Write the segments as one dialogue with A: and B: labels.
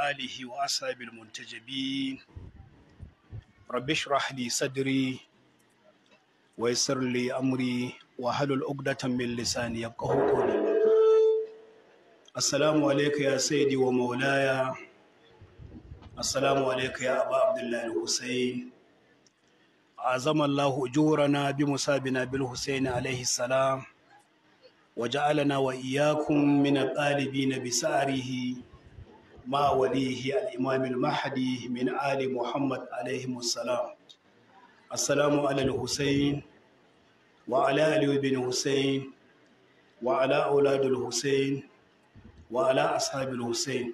A: alihi wa asabil muntajabin rabbi shrah li sadri wa yassir li amri wa halul uqdatan min lisani yafqahu qawli assalamu alayka ya sayyidi wa maulaya assalamu alayka ya aba abdullah al-husayn a zaman lahu jorana bi musabina bil husain alaihi salam wa ja'alana wa iyyakum min al na bi sa'rihi ma walihi al-imam mahdi min ali muhammad alaihi salam assalamu ala al wa ala ali ibn wa ala awlad al-husain wa ala ashab al-husain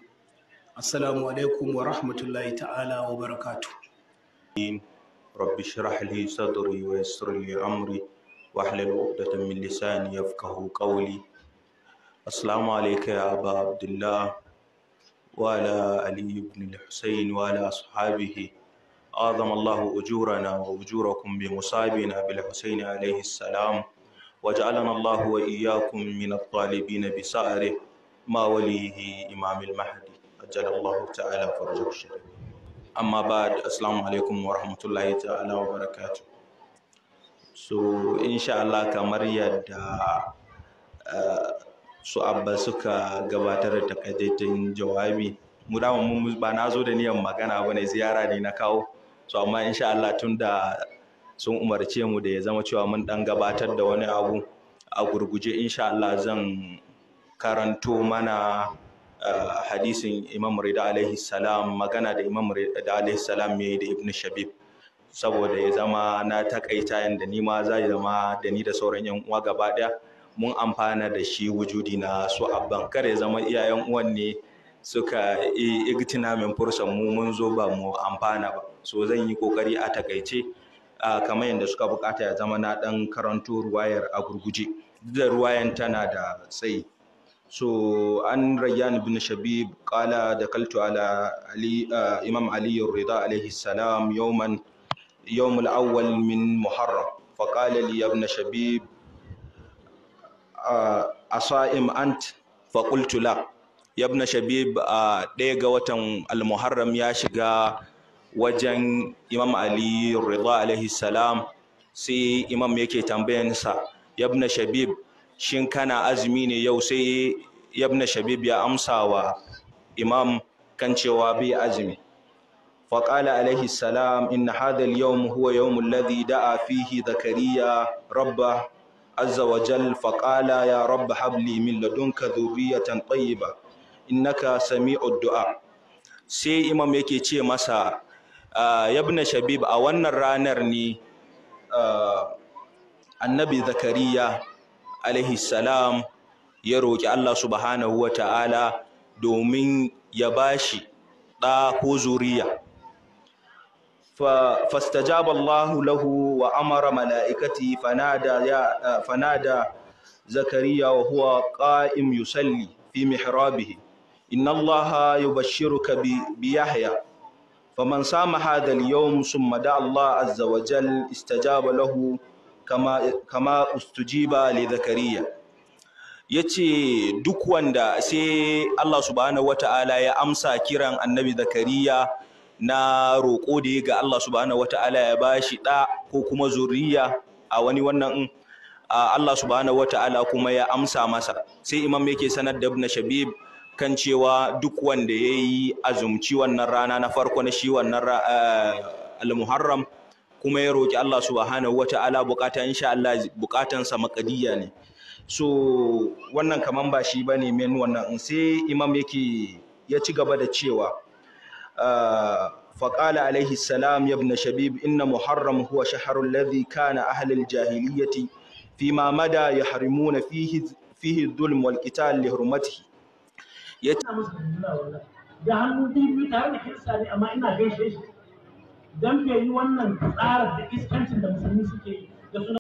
A: alaikum wa rahmatullahi ta'ala wa barakatuh
B: rabbi shrah li sadri wa yassir li amri wahlul uqdatan min lisani yafqahu qawli assalamu alayka ya aba abdullah wa ala ali ibn al-husayn wa ala ashabihi أعظم الله أجورنا وأجوركم بمصابنا بالحسين عليه السلام وجعلنا الله وإياكم من الطالبين بسعره ما وليه إمام المهدي أجل الله تعالى فرجه الشريف amma ba da asalamu alaikum wa rahmatullahi ta'ala wa barakatu so insha Allah kamar yadda eh, su abba suka gabatar da takaitaccen jawabi mu da mu ba na zo da niyan magana bane ziyara ne na kawo so amma insha Allah tunda sun umarce mu da ya zama cewa mun dan gabatar da wani abu a gurguje insha Allah zan karanto mana hadisin imam rida alaihi salam magana da imam rida alaihi salam ya da ibn shabib saboda ya zama na takaita yadda ni ma za ya zama da ni da sauran yan uwa gaba daya mun amfana da shi wujudi na su abban kare zama iyayen uwan ne suka igtina min fursan mu mun zo ba mu amfana ba so zan yi kokari a takaice kamar yadda suka bukata ya zama na dan karanto ruwayar a gurguje duk da ruwayan tana da tsayi so an rayyan ibn shabib qala dakaltu ala ali uh, imam ali ar-rida alayhi salam yawman yawm al-awwal min muharram فقال لي يا ابن شبيب أصائم أنت فقلت Ya يا shabib uh, a uh, ɗaya ga watan al-muharram ya shiga wajen imam ali rida alaihi salam sai imam yake tambayansa ya ibn shabib shin kana azumi ne yau sai yabna shabib ya wa imam kan cewa bai azumi faƙala alaihi salam inna hadal yawm huwa yawm alladhi da'a fihi zakariya rabba azza wa jal faqala ya rabb habli min ladunka dhurriyatan tayyiba innaka sami du'a sai imam yake ce masa yabna shabib a wannan ranar ne annabi zakariya alaihi salam ya roƙi Allah subhanahu wa ta'ala domin ya bashi ɗa ko zuriya فاستجاب الله له وأمر ملائكته فنادى يا فنادى زكريا وهو قائم يصلي في محرابه إن الله يبشرك بيحيى فمن صام هذا اليوم ثم دعا الله عز وجل استجاب له kama ustujiba li zakariya ce duk wanda sai Allah subhanahu wataala ya amsa kiran annabi zakariya na roƙo da ya ga Allah subhanahu wataala ya bashi ɗa ko kuma zuriya a wani wannan Allah subhanahu wataala kuma ya amsa masa sai imam yake sanar da na shabib kan cewa duk wanda ya yi azumci wannan rana na farko na shi wannan eh, al-muharram kuma ya roki Allah subhanahu wata'ala bukata insha Allah bukatansa makadiya ne so wannan kaman ba shi bane men wannan sai imam yake ya ci gaba da cewa فقال عليه السلام يا ابن شبيب إن محرم هو شهر الذي كان أهل الجاهلية فيما مدى يحرمون فيه فيه الظلم والقتال لحرمته يت...
A: don bai yi wannan tsarar da iskancin da musulmi suke yi da suna